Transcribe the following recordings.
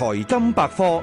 財金百科。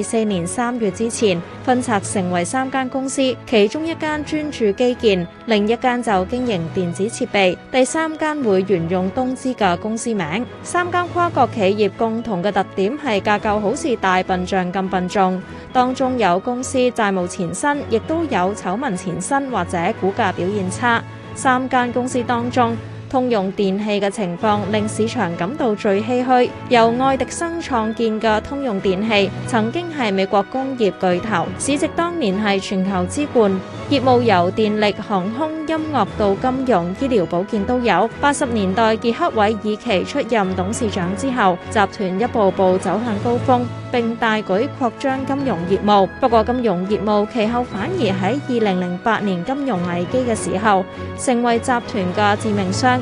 四年三月之前分拆成為三間公司，其中一間專注基建，另一間就經營電子設備，第三間會沿用東芝嘅公司名。三間跨國企業共同嘅特點係架構好似大笨象咁笨重，當中有公司債務纏身，亦都有醜聞纏身或者股價表現差。三間公司當中，通用電氣嘅情況令市場感到最唏噓。由愛迪生創建嘅通用電氣曾經係美國工業巨頭，市值當年係全球之冠，業務由電力、航空、音樂到金融、醫療保健都有。八十年代傑克·韋爾奇出任董事長之後，集團一步步走向高峰。並大舉擴張金融業務，不過金融業務其後反而喺二零零八年金融危機嘅時候，成為集團嘅致命傷。